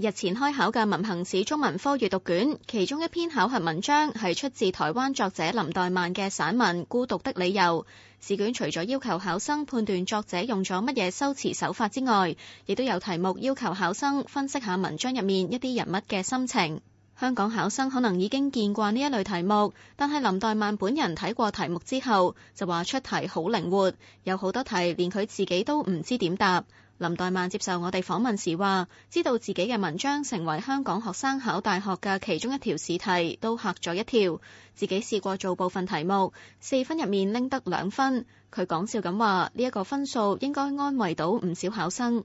日前開考嘅文憑試中文科閱讀卷，其中一篇考核文章係出自台灣作者林黛嫚嘅散文《孤獨的理由》。試卷除咗要求考生判斷作者用咗乜嘢修辭手法之外，亦都有題目要求考生分析下文章入面一啲人物嘅心情。香港考生可能已經見慣呢一類題目，但係林黛嫚本人睇過題目之後，就話出題好靈活，有好多題連佢自己都唔知點答。林黛嫚接受我哋訪問時話，知道自己嘅文章成為香港學生考大學嘅其中一條試題都嚇咗一跳。自己試過做部分題目，四分入面拎得兩分。佢講笑咁話，呢一個分數應該安慰到唔少考生。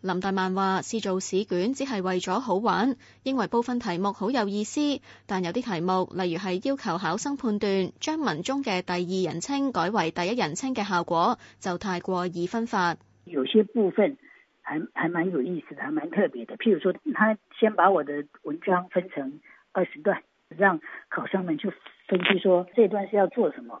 林黛嫚話：試做試卷只係為咗好玩，認為部分題目好有意思，但有啲題目，例如係要求考生判斷將文中嘅第二人稱改為第一人稱嘅效果，就太過二分法。有些部分還還蠻有意思，還蠻特別的。譬如說，他先把我的文章分成二十段，讓考生們去分析說，這段是要做什麼。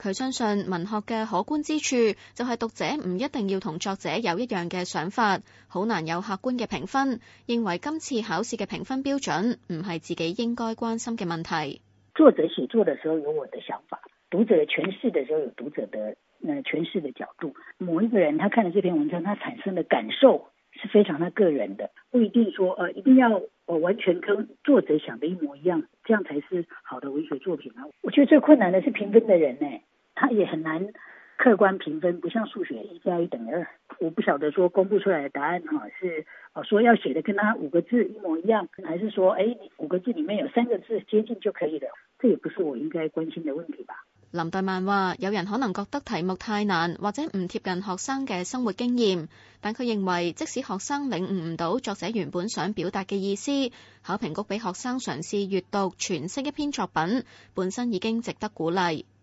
佢相信文學嘅可觀之處就係讀者唔一定要同作者有一樣嘅想法，好難有客觀嘅評分。認為今次考試嘅評分標準唔係自己應該關心嘅問題。作者寫作的時候有我的想法，讀者詮釋的時候有讀者的，嗯，詮釋的角度。某一個人他看了這篇文章，他產生的感受是非常他個人的，不一定說，呃，一定要完全跟作者想的一模一樣，這樣才是好的文學作品啊。我覺得最困難嘅是評分的人呢。他也很難客觀評分，不像數學一加一等於二。我不曉得說公布出來的答案，哈，是說要寫得跟他五個字一模一樣，還是說誒、哎、五個字裏面有三個字接近就可以了？這也不是我應該關心的問題吧。林黛嫚話：有人可能覺得題目太難或者唔貼近學生嘅生活經驗，但佢認為即使學生領悟唔到作者原本想表達嘅意思，考評局俾學生嘗試閱讀詮釋一篇作品，本身已經值得鼓勵。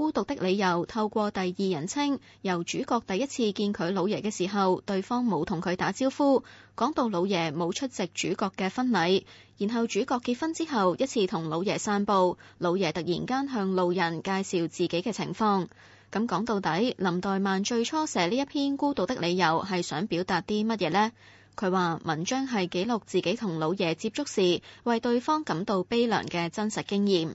孤獨的理由透過第二人稱，由主角第一次見佢老爺嘅時候，對方冇同佢打招呼，講到老爺冇出席主角嘅婚禮，然後主角結婚之後一次同老爺散步，老爺突然間向路人介紹自己嘅情況。咁講到底，林黛嫚最初寫呢一篇孤獨的理由係想表達啲乜嘢呢？佢話文章係記錄自己同老爺接觸時，為對方感到悲涼嘅真實經驗。